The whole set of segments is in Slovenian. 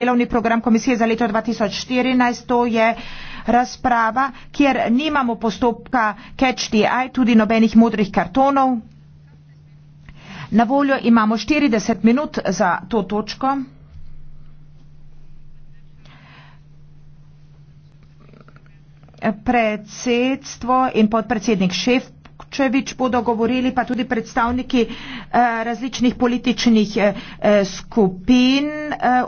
delovni program komisije za leto 2014, to je razprava, kjer nimamo postopka catch the eye, tudi nobenih modrih kartonov. Na voljo imamo 40 minut za to točko. Predsedstvo in podpredsednik Ševčevič bodo govorili, pa tudi predstavniki eh, različnih političnih eh, skupin. Eh,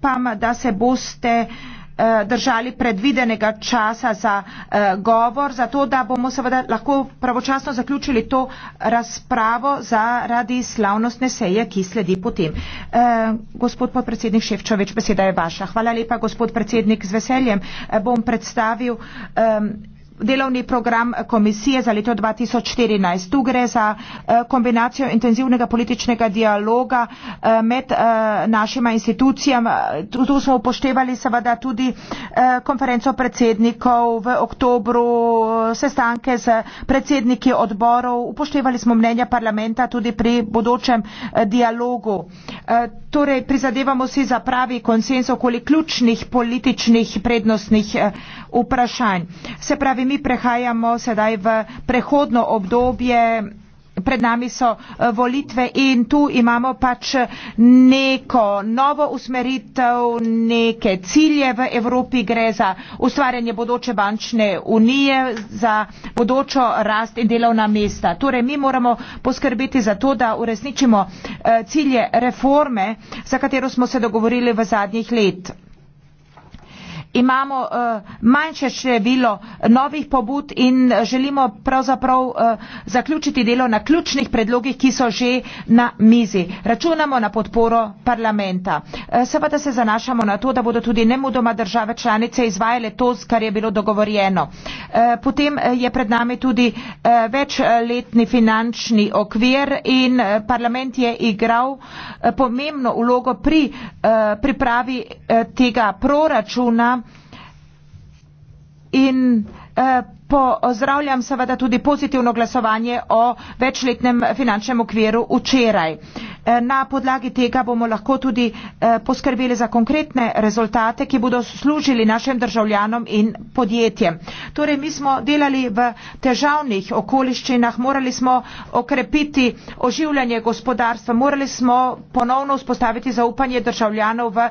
upam, da se boste eh, držali predvidenega časa za eh, govor, zato da bomo seveda lahko pravočasno zaključili to razpravo zaradi slavnostne seje, ki sledi potem. Eh, gospod podpredsednik Ševčovič, beseda je vaša. Hvala lepa, gospod predsednik, z veseljem bom predstavil delovni program komisije za leto 2014. Tu gre za eh, kombinacijo intenzivnega političnega dialoga eh, med eh, našima institucijama. Tu smo upoštevali seveda tudi konferenco predsednikov v oktobru, sestanke z predsedniki odborov, upoštevali smo mnenja parlamenta tudi pri bodočem dialogu. Torej, prizadevamo si za pravi konsens okoli ključnih političnih prednostnih vprašanj. Se pravi, mi prehajamo sedaj v prehodno obdobje. Pred nami so eh, volitve in tu imamo pač neko novo usmeritev, neke cilje v Evropi. Gre za ustvarjanje bodoče bančne unije, za bodočo rast in delovna mesta. Torej, mi moramo poskrbeti za to, da uresničimo eh, cilje reforme, za katero smo se dogovorili v zadnjih letih imamo eh, manjše število novih pobud in eh, želimo pravzaprav eh, zaključiti delo na ključnih predlogih, ki so že na mizi. Računamo na podporo parlamenta. Seveda se zanašamo na to, da bodo tudi nemudoma države članice izvajale to, kar je bilo dogovorjeno. Potem je pred nami tudi večletni finančni okvir in parlament je igral pomembno ulogo pri pripravi tega proračuna in eh, pozdravljam seveda tudi pozitivno glasovanje o večletnem finančnem okviru včeraj. Eh, na podlagi tega bomo lahko tudi eh, poskrbeli za konkretne rezultate, ki bodo služili našim državljanom in podjetjem. Torej, mi smo delali v težavnih okoliščinah, morali smo okrepiti oživljanje gospodarstva, morali smo ponovno vzpostaviti zaupanje državljanov v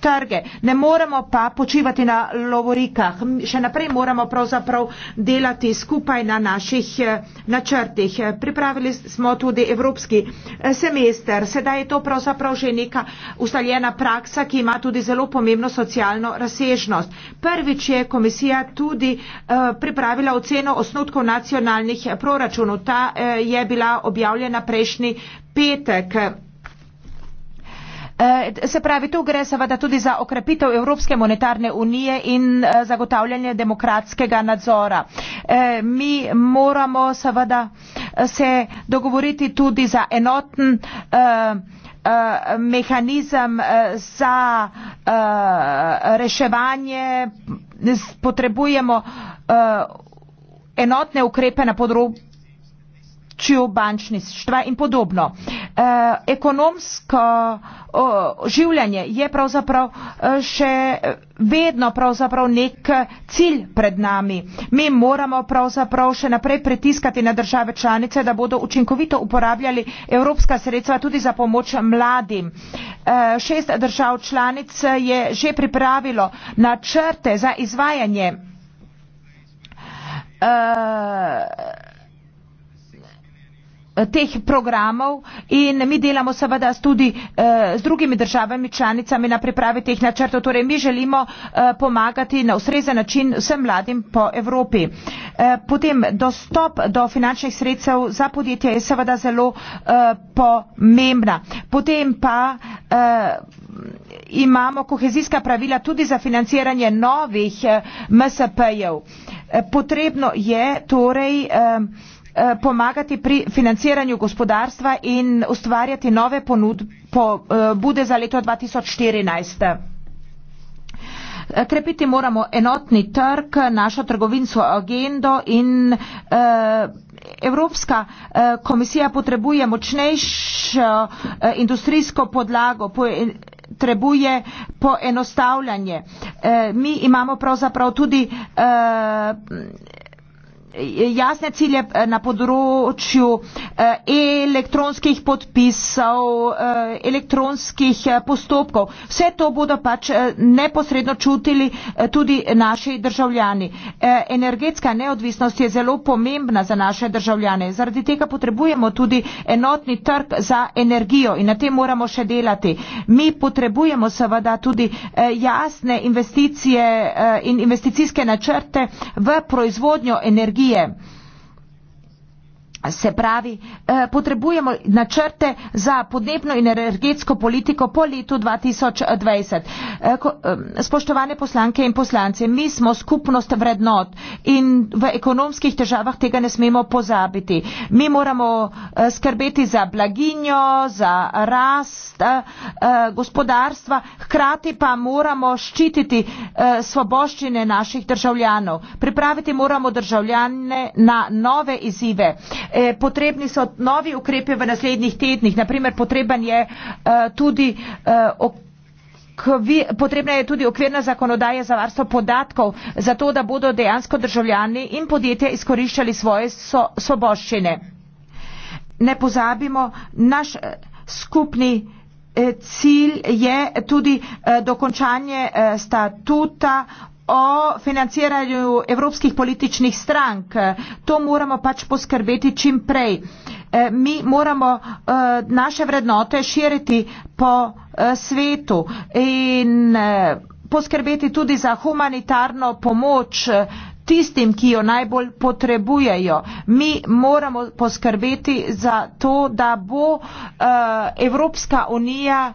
trge. Ne moremo pa počivati na lovorikah. Še naprej moramo pravzaprav delati skupaj na naših eh, načrtih. Pripravili smo tudi evropski eh, semester. Sedaj je to pravzaprav že neka ustaljena praksa, ki ima tudi zelo pomembno socialno razsežnost. Prvič je komisija tudi eh, pripravila oceno osnutkov nacionalnih proračunov. Ta je bila objavljena prejšnji petek. Eh, se pravi, tu gre seveda tudi za okrepitev Evropske monetarne unije in eh, zagotavljanje demokratskega nadzora. Eh, mi moramo seveda se dogovoriti tudi za enoten mehanizem za reševanje. Potrebujemo enotne ukrepe na področju čil bančništva in podobno. E, ekonomsko o, življenje je pravzaprav eh, še vedno pravzaprav nek cilj pred nami. Mi moramo pravzaprav še naprej pritiskati na države članice, da bodo učinkovito uporabljali evropska sredstva tudi za pomoč mladim. E, šest držav članic je že pripravilo načrte za izvajanje e, Eh, teh programov in mi delamo seveda tudi eh, z drugimi državami članicami na pripravi teh načrtov. Torej mi želimo eh, pomagati na ustrezen način vsem mladim po Evropi. Potem dostop do finančnih sredstev za podjetje je seveda zelo pomembna. Potem pa imamo kohezijska pravila tudi za financiranje novih MSP-jev. Potrebno je torej Eh, pomagati pri financiranju gospodarstva in ustvarjati nove ponudbe eh, za leto 2014. Eh, krepiti moramo enotni trg, našo trgovinsko agendo in Evropska komisija potrebuje močnejšo industrijsko podlago, potrebuje poenostavljanje. Mi imamo pravzaprav tudi jasne cilje eh, na področju eh, elektronskih podpisov, eh, elektronskih postopkov. Vse to bodo pač neposredno čutili tudi naši državljani. Energetska neodvisnost je zelo pomembna za naše državljane. Zaradi tega potrebujemo tudi enotni trg za energijo in na tem moramo še delati. Mi potrebujemo seveda tudi jasne investicije in investicijske načrte v proizvodnjo energije energije. Se pravi, eh, potrebujemo načrte za podnebno in energetsko politiko po letu 2020. Eh, eh, spoštovane poslanke in poslanci, mi smo skupnost vrednot in v ekonomskih težavah tega ne smemo pozabiti. Mi moramo skrbeti za blaginjo, za rast gospodarstva, hkrati pa moramo ščititi svoboščine naših državljanov. Pripraviti moramo državljane na nove izzive. E, potrebni so novi ukrepi v naslednjih tednih. Naprimer, potreben je e, tudi e, Kvi, potrebna je tudi okvirna zakonodaja za varstvo podatkov, zato da bodo dejansko državljani in podjetja izkoriščali svoje so, soboščine. Ne pozabimo, naš skupni eh, cilj je tudi eh, dokončanje eh, statuta o financiranju evropskih političnih strank. To moramo pač poskrbeti čim prej. E, mi moramo e, naše vrednote širiti po e, svetu in poskrbeti tudi za humanitarno pomoč tistim, ki jo najbolj potrebujejo. Mi moramo poskrbeti za to, da bo Evropska unija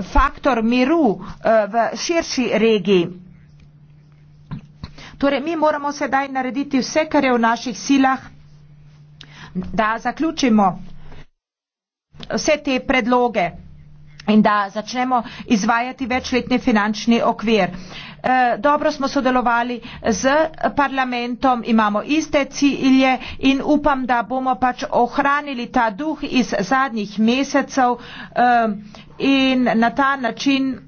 faktor miru eh, v širši regiji. Torej, mi moramo sedaj narediti vse, kar je v naših silah, da zaključimo vse te predloge in da začnemo izvajati večletni finančni okvir. Eh, dobro smo sodelovali z parlamentom, imamo iste cilje in upam, da bomo pač ohranili ta duh iz zadnjih mesecev eh, in na ta način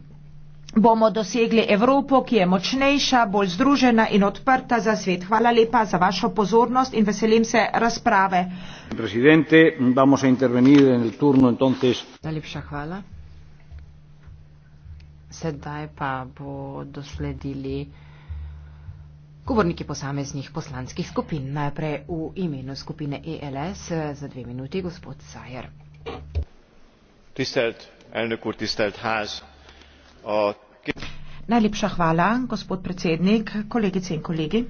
bomo dosegli Evropo, ki je močnejša, bolj združena in odprta za svet. Hvala lepa za vašo pozornost in veselim se razprave. Najlepša hvala sedaj pa bo dosledili govorniki posameznih poslanskih skupin. Najprej v imenu skupine ELS za dve minuti gospod Sajer. Tistelt, elnök úr, tistelt ház. Najlepša hvala, gospod predsednik, kolegice in kolegi.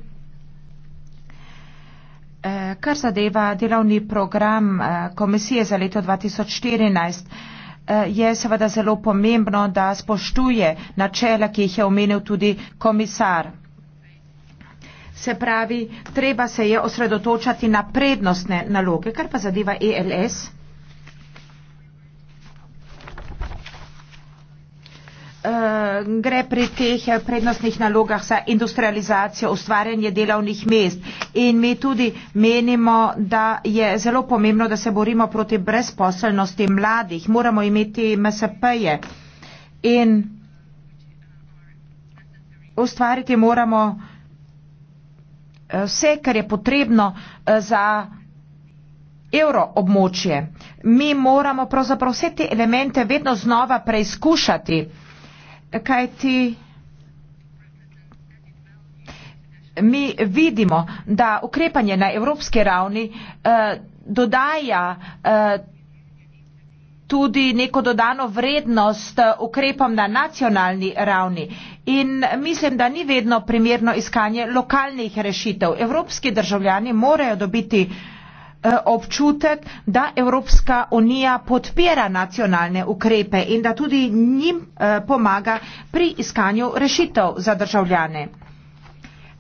Eh, kar zadeva delovni program eh, komisije za leto 2014, Eh, je seveda zelo pomembno, da spoštuje načela, ki jih je omenil tudi komisar. Se pravi, treba se je osredotočati na prednostne naloge, kar pa zadeva ELS. Eh, gre pri teh prednostnih nalogah za industrializacijo, ustvarjanje delovnih mest. In mi tudi menimo, da je zelo pomembno, da se borimo proti brezposelnosti mladih. Moramo imeti MSP-je in ustvariti moramo eh, vse, kar je potrebno eh, za evroobmočje. Mi moramo pravzaprav vse te elemente vedno znova preizkušati kaj ti mi vidimo, da ukrepanje na evropske ravni eh, dodaja eh, tudi neko dodano vrednost eh, ukrepom na nacionalni ravni. In mislim, da ni vedno primerno iskanje lokalnih rešitev. Evropski državljani morajo dobiti eh, Eh, občutek, da Evropska unija podpira nacionalne ukrepe in da tudi njim eh, pomaga pri iskanju rešitev za državljane.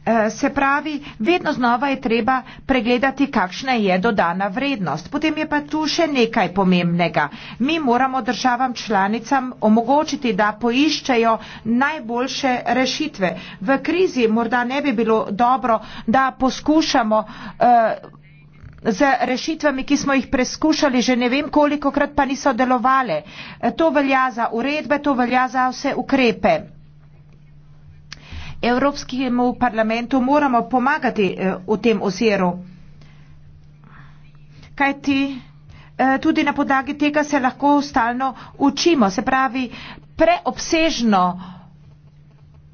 Eh, se pravi, vedno znova je treba pregledati, kakšna je dodana vrednost. Potem je pa tu še nekaj pomembnega. Mi moramo državam članicam omogočiti, da poiščejo najboljše rešitve. V krizi morda ne bi bilo dobro, da poskušamo. Uh, z rešitvami, ki smo jih preskušali že ne vem koliko krat, pa niso delovale. E, to velja za uredbe, to velja za vse ukrepe. Evropskemu parlamentu moramo pomagati e, v tem oziru. Kaj ti? E, tudi na podlagi tega se lahko stalno učimo. Se pravi, preobsežno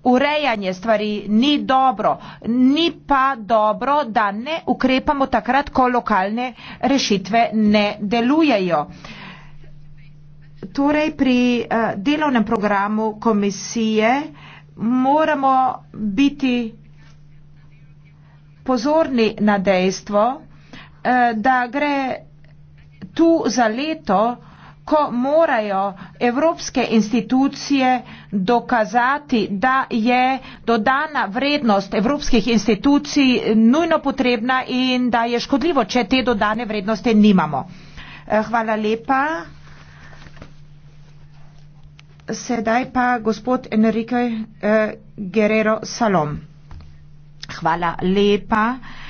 urejanje stvari ni dobro, ni pa dobro, da ne ukrepamo takrat, ko lokalne rešitve ne delujejo. Torej, pri uh, delovnem programu komisije moramo biti pozorni na dejstvo, uh, da gre tu za leto uh, ko morajo evropske institucije dokazati, da je dodana vrednost evropskih institucij nujno potrebna in da je škodljivo, če te dodane vrednosti nimamo. Eh, hvala lepa. Sedaj pa gospod Enrique eh, Guerrero Salom. Hvala lepa. Eh,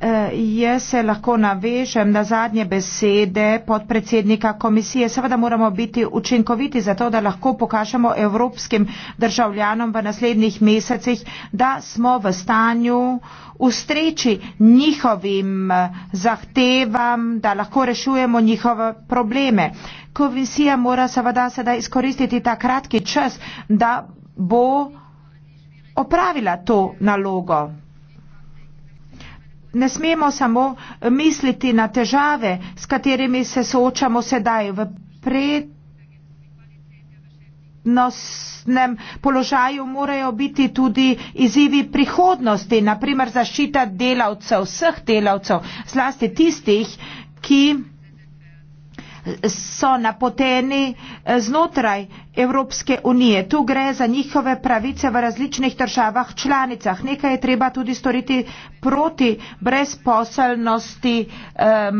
Eh, jaz se lahko navežem na zadnje besede podpredsednika komisije. Seveda moramo biti učinkoviti za to, da lahko pokažemo evropskim državljanom v naslednjih mesecih, da smo v stanju ustreči njihovim eh, zahtevam, da lahko rešujemo njihove probleme. Komisija mora seveda sedaj izkoristiti ta kratki čas, da bo opravila to nalogo. Ne smemo samo eh, misliti na težave, s katerimi se soočamo sedaj v prednostnem položaju, morajo biti tudi izzivi prihodnosti, naprimer zaščita delavcev, vseh delavcev, zlasti tistih, ki so napoteni eh, znotraj Evropske unije. Tu gre za njihove pravice v različnih državah članicah. Nekaj je treba tudi storiti proti brezposelnosti eh,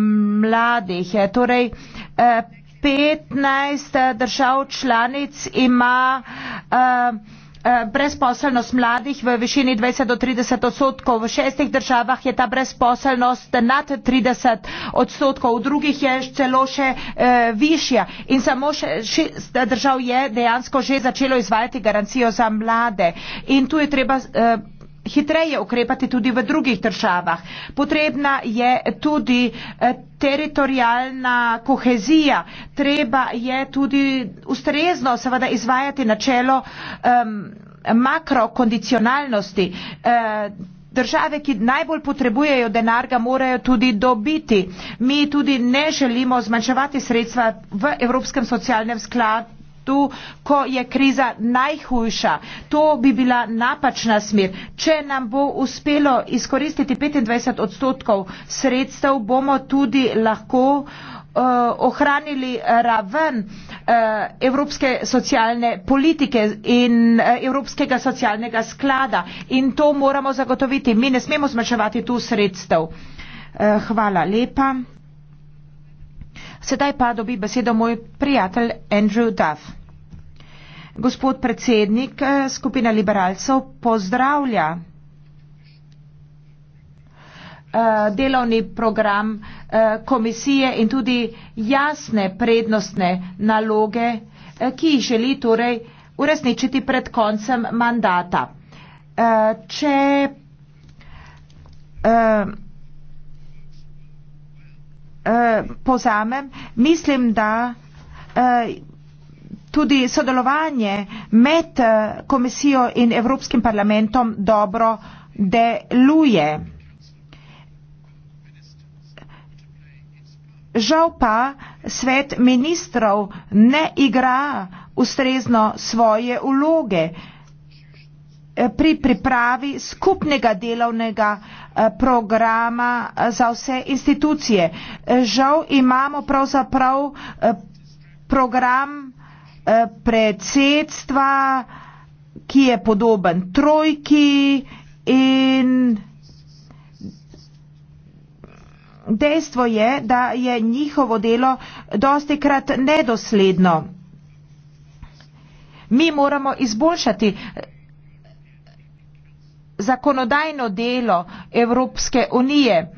mladih. Eh, torej, eh, 15 eh, držav članic ima eh, Eh, brezposelnost mladih v višini dvajset do trideset odstotkov v šestih državah je ta brezposelnost nad trideset odstotkov v drugih je celo še eh, višja in samo še šest držav je dejansko že začelo izvajati garancijo za mlade in tu je treba eh, hitreje ukrepati tudi v drugih državah. Potrebna je tudi eh, teritorijalna kohezija, treba je tudi ustrezno seveda izvajati načelo um, makrokondicionalnosti. Uh, Države, ki najbolj potrebujejo denar, ga morajo tudi dobiti. Mi tudi ne želimo zmanjševati sredstva v Evropskem socialnem skladu tu, ko je kriza najhujša. To bi bila napačna smer. Če nam bo uspelo izkoristiti 25 odstotkov sredstev, bomo tudi lahko eh, ohranili raven eh, Evropske socialne politike in eh, Evropskega socialnega sklada in to moramo zagotoviti. Mi ne smemo zmanjševati tu sredstev. Hvala lepa. Sedaj pa dobi besedo moj prijatelj Andrew Duff. Gospod predsednik eh, skupina liberalcev pozdravlja eh, delovni program eh, komisije in tudi jasne prednostne naloge, ki jih želi torej uresničiti pred koncem mandata. Če pozamem, mislim, da tudi sodelovanje med eh, komisijo in Evropskim parlamentom dobro deluje. Žal pa svet ministrov ne igra ustrezno svoje vloge eh, pri pripravi skupnega delovnega eh, programa za vse institucije. Žal imamo pravzaprav program predsedstva, ki je podoben trojki in dejstvo je, da je njihovo delo dosti krat nedosledno. Mi moramo izboljšati zakonodajno delo Evropske unije.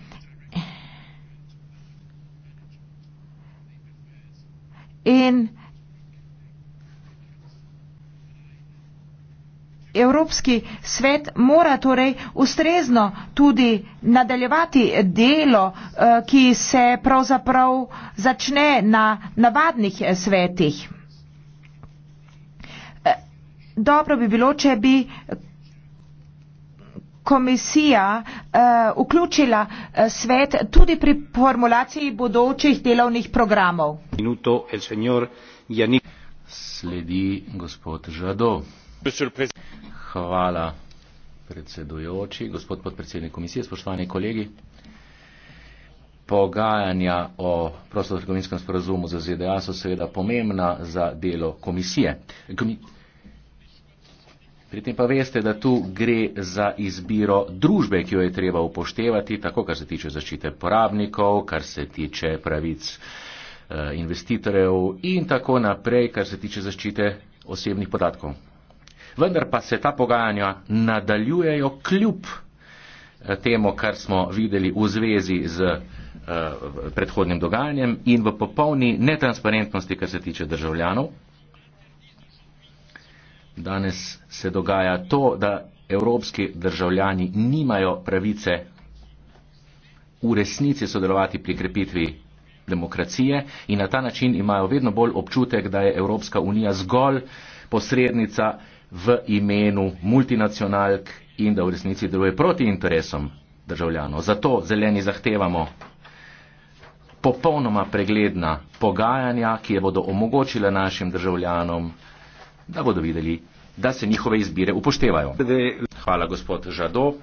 In Evropski svet mora torej ustrezno tudi nadaljevati delo, eh, ki se pravzaprav začne na navadnih eh, svetih. Eh, dobro bi bilo, če bi komisija uh, vključila uh, svet tudi pri formulaciji bodočih delovnih programov. Minuto, el señor Janik. Sledi gospod Žado. Hvala, predsedujoči, gospod podpredsednik komisije, spoštovani kolegi. Pogajanja o prostotrgovinskem sporazumu za ZDA so seveda pomembna za delo komisije. Komi Pri tem pa veste, da tu gre za izbiro družbe, ki jo je treba upoštevati, tako kar se tiče zaščite porabnikov, kar se tiče pravic eh, investitorjev in tako naprej, kar se tiče zaščite osebnih podatkov. Vendar pa se ta pogajanja nadaljujejo kljub eh, temu, kar smo videli v zvezi z eh, predhodnim dogajanjem in v popolni netransparentnosti, kar se tiče državljanov. Danes se dogaja to, da evropski državljani nimajo pravice v resnici sodelovati pri krepitvi demokracije in na ta način imajo vedno bolj občutek, da je Evropska unija zgolj posrednica v imenu multinacionalk in da v resnici deluje proti interesom državljanov. Zato zeleni zahtevamo popolnoma pregledna pogajanja, ki je bodo omogočila našim državljanom, da bodo videli, da se njihove izbire upoštevajo. Hvala gospod Žado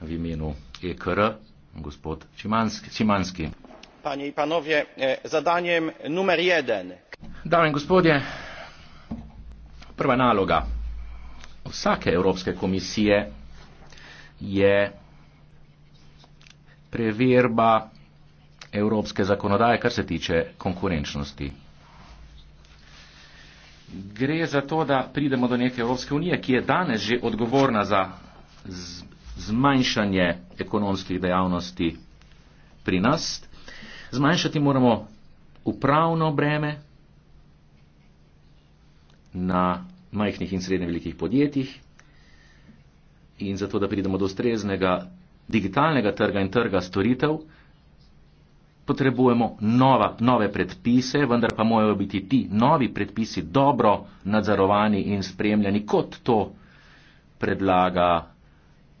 v imenu EKR, gospod Čimanski. Panje in panovje, zadanjem numer 1. Dame in gospodje, Prva naloga vsake Evropske komisije je preverba evropske zakonodaje, kar se tiče konkurenčnosti. Gre za to, da pridemo do neke Evropske unije, ki je danes že odgovorna za zmanjšanje ekonomskih dejavnosti pri nas. Zmanjšati moramo upravno breme, na majhnih in srednje velikih podjetjih in zato, da pridemo do ustreznega digitalnega trga in trga storitev, potrebujemo nova, nove predpise, vendar pa morajo biti ti novi predpisi dobro nadzorovani in spremljani, kot to predlaga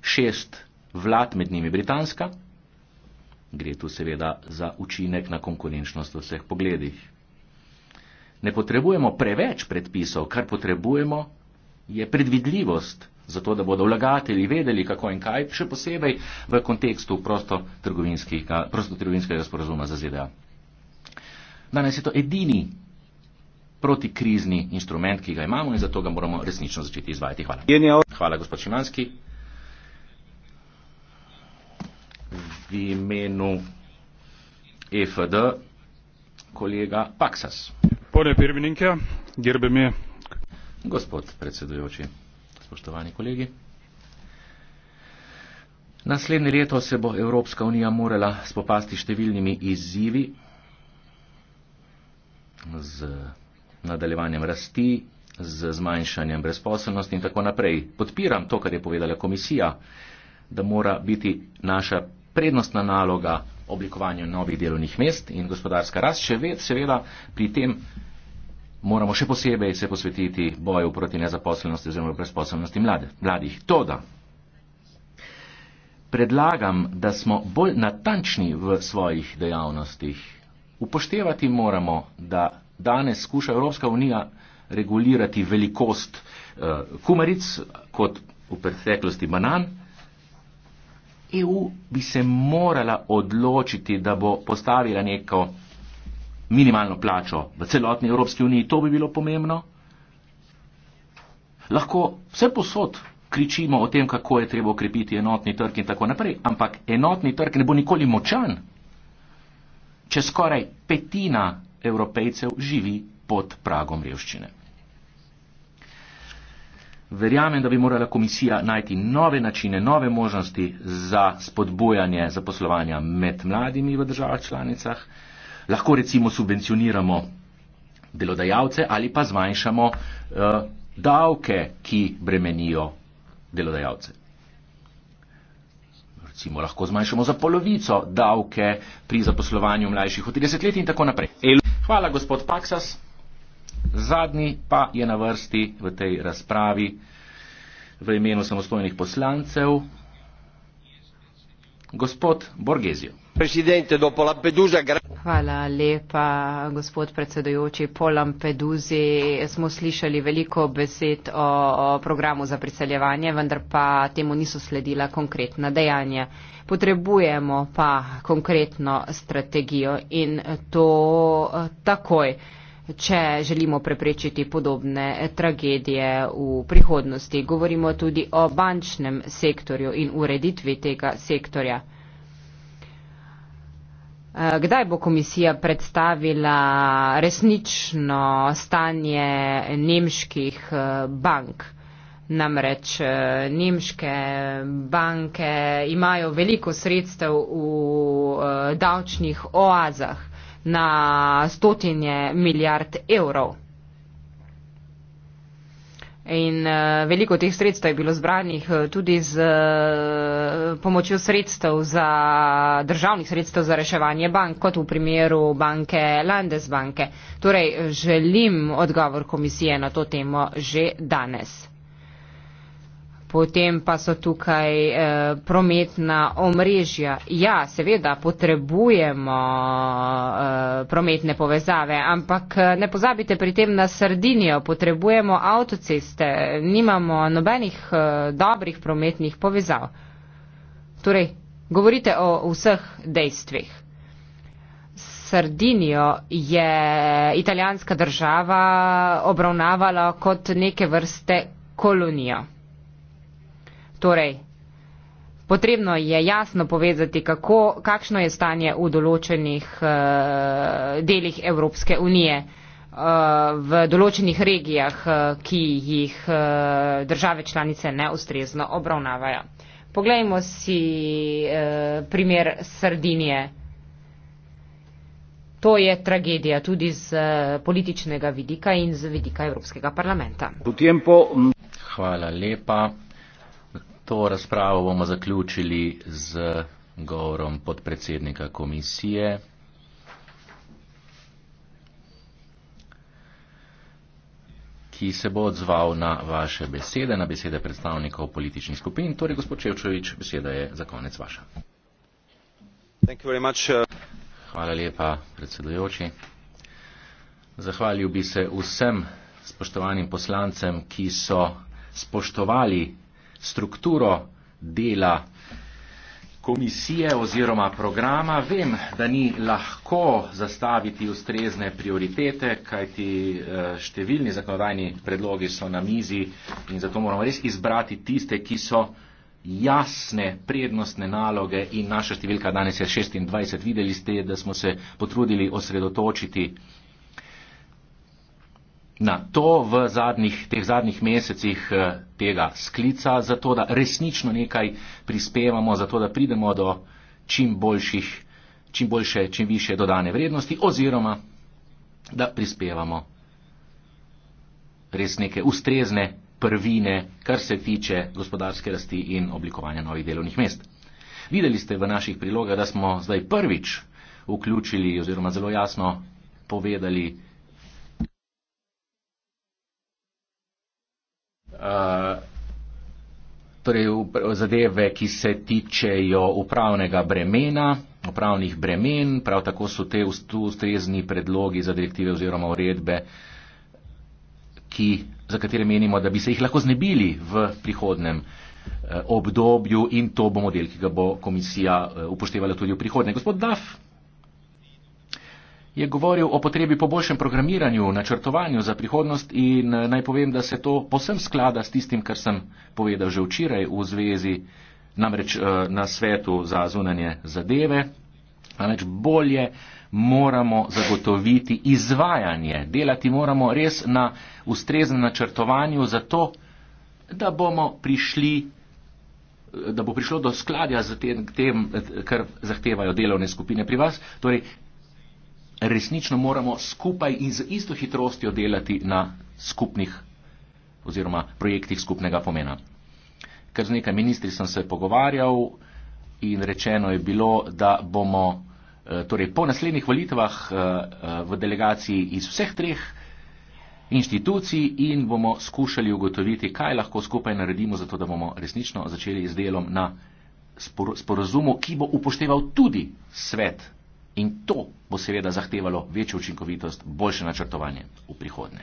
šest vlad, med njimi Britanska. Gre tu seveda za učinek na konkurenčnost v vseh pogledih ne potrebujemo preveč predpisov, kar potrebujemo je predvidljivost, zato da bodo vlagatelji vedeli, kako in kaj, še posebej v kontekstu prostotrgovinskega sporazuma za ZDA. Danes je to edini protikrizni instrument, ki ga imamo in zato ga moramo resnično začeti izvajati. Hvala. Hvala, gospod Šimanski. V imenu EFD kolega Paksas. Pone pirmininkė, gerbiami. Gospod predsedujoči, spoštovani kolegi. Naslednje leto se bo Evropska unija morala spopasti številnimi izzivi z nadaljevanjem rasti, z zmanjšanjem brezposobnosti in tako naprej. Podpiram to, kar je povedala komisija, da mora biti naša prednostna naloga oblikovanja novih delovnih mest in gospodarska rast. Še vedno, seveda, pri tem moramo še posebej se posvetiti boju proti nezaposlenosti oziroma brezposobnosti mladih. Toda, predlagam, da smo bolj natančni v svojih dejavnostih. Upoštevati moramo, da danes skuša Evropska unija regulirati velikost uh, kumaric kot v preteklosti banan. EU bi se morala odločiti, da bo postavila neko minimalno plačo v celotni Evropski uniji. To bi bilo pomembno. Lahko vse posod kričimo o tem, kako je treba okrepiti enotni trg in tako naprej, ampak enotni trg ne bo nikoli močan, če skoraj petina evropejcev živi pod pragom revščine. Verjamem, da bi morala komisija najti nove načine, nove možnosti za spodbujanje zaposlovanja med mladimi v državah članicah. Lahko recimo subvencioniramo delodajalce ali pa zmanjšamo uh, davke, ki bremenijo delodajalce. Recimo lahko zmanjšamo za polovico davke pri zaposlovanju mlajših od 30 let in tako naprej. Hvala, gospod Paksas. Zadnji pa je na vrsti v tej razpravi v imenu samostojnih poslancev gospod Borgezio. Hvala lepa, gospod predsedujoči. Po Lampeduzi smo slišali veliko besed o programu za priseljevanje, vendar pa temu niso sledila konkretna dejanja. Potrebujemo pa konkretno strategijo in to eh, takoj če želimo preprečiti podobne tragedije v prihodnosti. Govorimo tudi o bančnem sektorju in ureditvi tega sektorja. Eh, kdaj bo komisija predstavila resnično stanje nemških eh, bank? namreč eh, nemške banke imajo veliko sredstev v eh, davčnih oazah na stotinje milijard evrov. In eh, veliko teh sredstev je bilo zbranih tudi z pomočjo sredstev za državnih sredstev za reševanje bank, kot v primeru banke Landesbanke. Torej, želim odgovor komisije na to temo že danes potem pa so tukaj e, prometna omrežja. Ja, seveda potrebujemo e, prometne povezave, ampak eh, ne pozabite pri tem na Sardinijo, potrebujemo avtoceste, nimamo nobenih e, dobrih prometnih povezav. Torej, govorite o vseh dejstvih. Sardinijo je italijanska država obravnavala kot neke vrste kolonijo. Torej, potrebno je jasno povezati, kako, kakšno je stanje v določenih uh, delih Evropske unije, uh, v določenih regijah, uh, ki jih uh, države članice neustrezno obravnavajo. Poglejmo si uh, primer Sardinije. To je tragedija tudi z političnega vidika in z vidika Evropskega parlamenta. Hvala lepa. To razpravo bomo zaključili z govorom podpredsednika komisije. ki se bo odzval na vaše besede, na besede predstavnikov političnih skupin. Torej, gospod Čevčovič, beseda je za konec vaša. Uh, Hvala lepa, predsedujoči. Zahvalil bi se vsem spoštovanim poslancem, ki so spoštovali strukturo dela komisije oziroma programa. Vem, da ni lahko zastaviti ustrezne prioritete, kajti eh, številni zakonodajni predlogi so na mizi in zato moramo res izbrati tiste, ki so jasne prednostne naloge in naša številka danes je 26. Videli ste, da smo se potrudili osredotočiti na to v zadnjih, teh zadnjih mesecih eh, tega sklica, zato da resnično nekaj prispevamo, zato da pridemo do čim boljših, čim boljše, čim više dodane vrednosti oziroma da prispevamo res neke ustrezne prvine, kar se tiče gospodarske rasti in oblikovanja novih delovnih mest. Videli ste v naših prilogah, da smo zdaj prvič vključili oziroma zelo jasno povedali, Eh, torej zadeve, ki se tičejo upravnega bremena, upravnih bremen, prav tako so te ustrezni predlogi za direktive oziroma uredbe, ki, za katere menimo, da bi se jih lahko znebili v prihodnem eh, obdobju in to bo model, ki ga bo komisija eh, upoštevala tudi v prihodnje. Gospod Daf je govoril o potrebi po boljšem programiranju, načrtovanju za prihodnost in eh, naj povem, da se to posem sklada s tistim, kar sem povedal že včeraj v zvezi namreč eh, na svetu za zunanje zadeve. Namreč bolje moramo zagotoviti izvajanje, delati moramo res na ustreznem načrtovanju, zato da bomo prišli eh, da bo prišlo do skladja z tem, tem, kar zahtevajo delovne skupine pri vas, torej resnično moramo skupaj in z isto hitrostjo delati na skupnih oziroma projektih skupnega pomena. Ker z nekaj ministri sem se pogovarjal in rečeno je bilo, da bomo eh, torej, po naslednjih volitvah eh, eh, v delegaciji iz vseh treh inštitucij in bomo skušali ugotoviti, kaj lahko skupaj naredimo, zato da bomo resnično začeli z delom na sporozumu, ki bo upošteval tudi svet In to bo seveda zahtevalo večjo učinkovitost, boljše načrtovanje v prihodnje.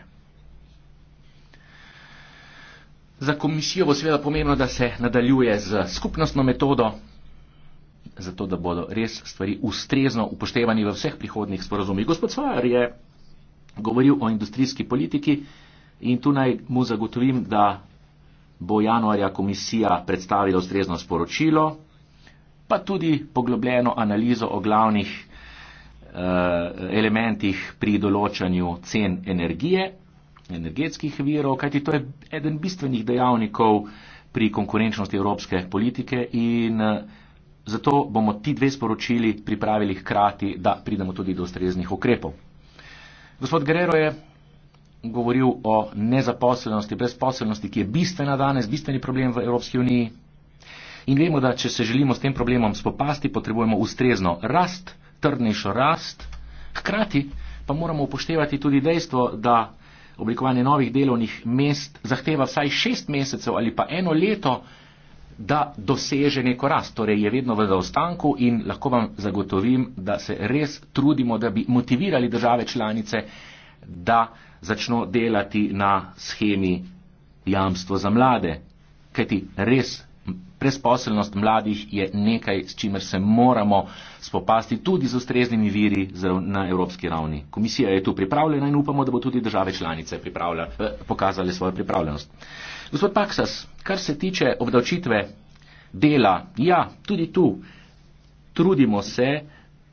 Za komisijo bo seveda pomembno, da se nadaljuje z skupnostno metodo, zato da bodo res stvari ustrezno upoštevani v vseh prihodnih sporozumih. Gospod Svajar je govoril o industrijski politiki in tu naj mu zagotovim, da bo januarja komisija predstavila ustrezno sporočilo, pa tudi poglobljeno analizo o glavnih Eh, elementih pri določanju cen energije, energetskih virov, kajti to je eden bistvenih dejavnikov pri konkurenčnosti evropske politike in eh, zato bomo ti dve sporočili pripravili hkrati, da pridemo tudi do ustreznih ukrepov. Gospod Guerrero je govoril o nezaposlenosti, brezposlenosti, ki je bistvena danes, bistveni problem v Evropski uniji. In vemo, da če se želimo s tem problemom spopasti, potrebujemo ustrezno rast, trdnejšo rast. Hkrati pa moramo upoštevati tudi dejstvo, da oblikovanje novih delovnih mest zahteva vsaj šest mesecev ali pa eno leto, da doseže neko rast. Torej je vedno v zaostanku in lahko vam zagotovim, da se res trudimo, da bi motivirali države članice, da začno delati na schemi jamstvo za mlade. Kajti res Presposelnost mladih je nekaj, s čimer se moramo spopasti tudi z ustreznimi viri na evropski ravni. Komisija je tu pripravljena in upamo, da bo tudi države članice eh, pokazale svojo pripravljenost. Gospod Paksas, kar se tiče obdavčitve dela, ja, tudi tu trudimo se,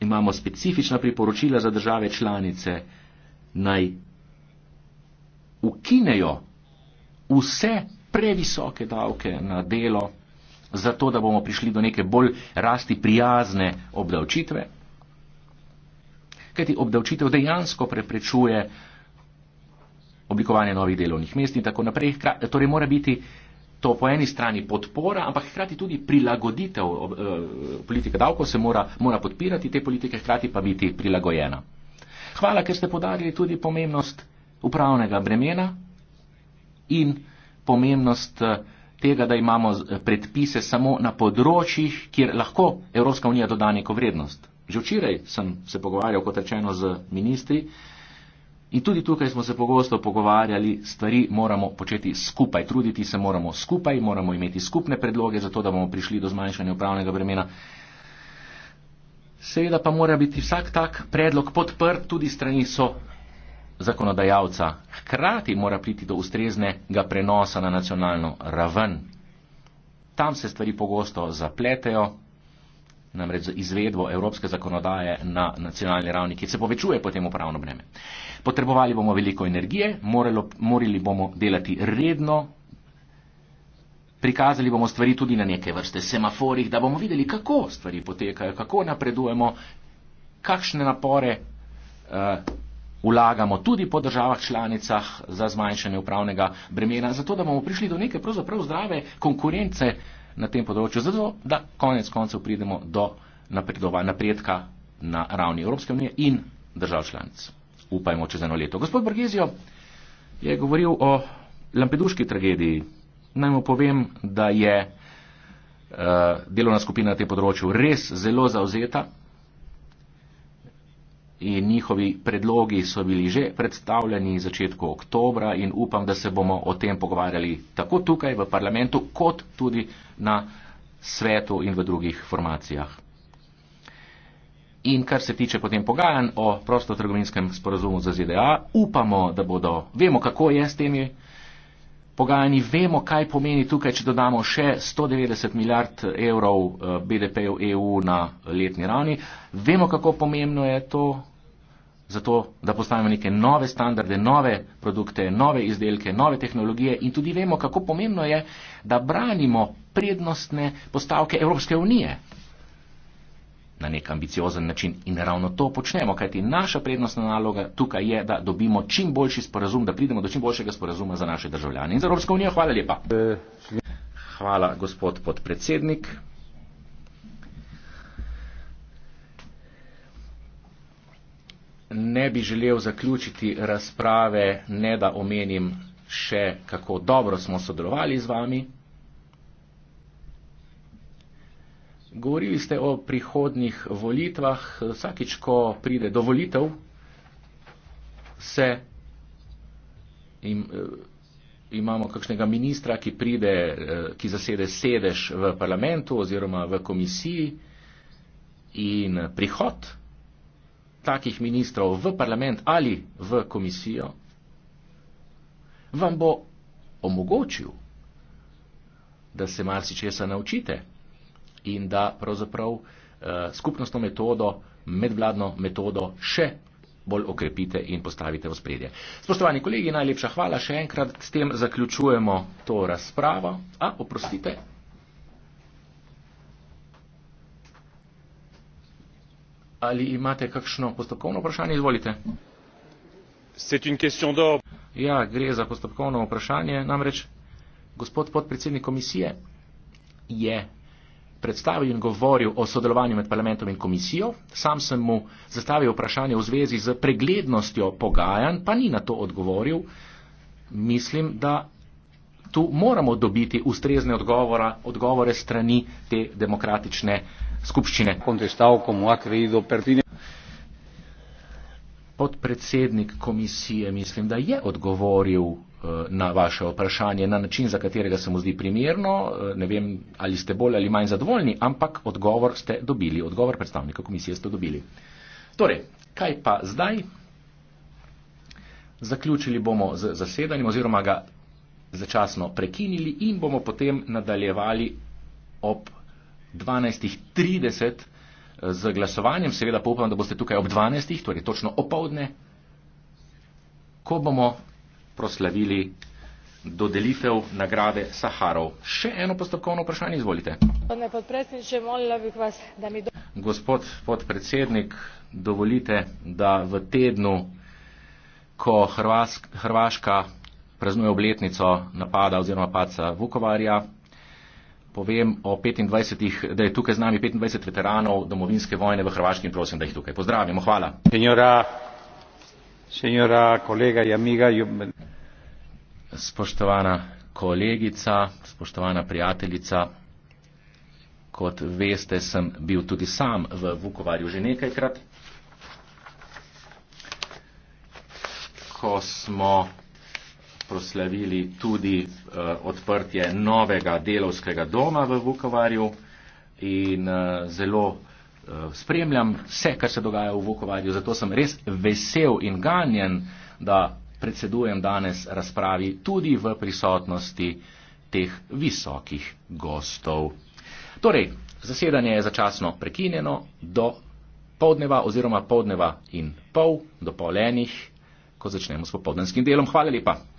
imamo specifična priporočila za države članice, naj ukinejo vse previsoke davke na delo zato da bomo prišli do neke bolj rasti prijazne obdavčitve. Kajti obdavčitev dejansko preprečuje oblikovanje novih delovnih mest in tako naprej. Torej mora biti to po eni strani podpora, ampak hkrati tudi prilagoditev eh, politike davkov se mora, mora podpirati, te politike hkrati pa biti prilagojena. Hvala, ker ste podarili tudi pomembnost upravnega bremena in pomembnost uh, tega, da imamo eh, predpise samo na področjih, kjer lahko Evropska unija doda neko vrednost. Že včeraj sem se pogovarjal, kot rečeno, z ministri in tudi tukaj smo se pogosto pogovarjali, stvari moramo početi skupaj, truditi se moramo skupaj, moramo imeti skupne predloge za to, da bomo prišli do zmanjšanja upravnega bremena. Seveda pa mora biti vsak tak predlog podprt tudi strani so zakonodajalca. Hkrati mora priti do ustreznega prenosa na nacionalno raven. Tam se stvari pogosto zapletejo, namreč z izvedbo evropske zakonodaje na nacionalni ravni, ki se povečuje potem upravno breme. Potrebovali bomo veliko energije, morelo, morali bomo delati redno, prikazali bomo stvari tudi na neke vrste semaforih, da bomo videli, kako stvari potekajo, kako napredujemo, kakšne napore. Uh, vlagamo tudi po državah članicah za zmanjšanje upravnega bremena, zato da bomo prišli do neke pravzaprav zdrave konkurence na tem področju, zato da konec koncev pridemo do napredka na ravni Evropske unije in držav članic. Upajmo čez eno leto. Gospod Borgezijo je govoril o Lampeduški tragediji. Naj mu povem, da je uh, delovna skupina na tem področju res zelo zauzeta, in njihovi predlogi so bili že predstavljeni v začetku oktobra in upam, da se bomo o tem pogovarjali tako tukaj v parlamentu, kot tudi na svetu in v drugih formacijah. In kar se tiče potem pogajanj o prostotrgovinskem sporozumu za ZDA, upamo, da bodo, vemo kako je s temi pogajanji vemo, kaj pomeni tukaj, če dodamo še 190 milijard evrov eh, BDP-ju e EU na letni ravni. Vemo, kako pomembno je to, zato, da postavimo neke nove standarde, nove produkte, nove izdelke, nove tehnologije in tudi vemo, kako pomembno je, da branimo prednostne postavke Evropske unije na nek ambiciozen način in ravno to počnemo, kajti naša prednostna naloga tukaj je, da dobimo čim boljši sporazum, da pridemo do čim boljšega sporazuma za naše državljane in za Evropsko unijo. Hvala lepa. Hvala, gospod podpredsednik. Ne bi želel zaključiti razprave, ne da omenim še, kako dobro smo sodelovali z vami. Govorili ste o prihodnih volitvah. Vsakič, ko pride do volitev, se im, eh, imamo kakšnega ministra, ki, pride, eh, ki zasede sedež v parlamentu oziroma v komisiji in prihod takih ministrov v parlament ali v komisijo vam bo omogočil, da se marsičesa naučite in da pravzaprav eh, skupnostno metodo, medvladno metodo še bolj okrepite in postavite v spredje. Spoštovani kolegi, najlepša hvala še enkrat. S tem zaključujemo to razpravo. A, oprostite. Ali imate kakšno postopkovno vprašanje? Izvolite. Ja, gre za postopkovno vprašanje. Namreč gospod podpredsednik komisije je predstavil in govoril o sodelovanju med parlamentom in komisijo. Sam sem mu zastavil vprašanje v zvezi z preglednostjo pogajan, pa ni na to odgovoril. Mislim, da tu moramo dobiti ustrezne odgovora, odgovore strani te demokratične skupščine. Podpredsednik komisije mislim, da je odgovoril Eh, na vaše vprašanje na način, za katerega se mu zdi primerno. Eh, ne vem, ali ste bolj ali manj zadovoljni, ampak odgovor ste dobili, odgovor predstavnika komisije ste dobili. Torej, kaj pa zdaj? Zaključili bomo z zasedanjem oziroma ga začasno prekinili in bomo potem nadaljevali ob 12.30. Eh, z glasovanjem, seveda pa upam, da boste tukaj ob 12, torej točno opovdne, ko bomo proslavili dodelitev nagrade Saharov. Še eno postopkovno vprašanje, izvolite. Gospod podpredsednik, dovolite, da v tednu, ko Hrvaška praznuje obletnico napada oziroma paca Vukovarja, povem o 25, da je tukaj z nami 25 veteranov domovinske vojne v Hrvaški in prosim, da jih tukaj pozdravimo. Hvala. Senjora E spoštovana kolegica spoštovana prijateljica kot veste sem bil tudi sam v vukovarju že nekajkrat ko smo proslavili tudi uh, odprtje novega delovskega doma v Vukovarju in uh, zelo Eh, spremljam vse, kar se dogaja v Vukovarju, zato sem res vesel in ganjen, da predsedujem danes razpravi tudi v prisotnosti teh visokih gostov. Torej, zasedanje je začasno prekinjeno do povdneva oziroma povdneva in pol, do polenih, ko začnemo s popoldanskim delom. Hvala lepa.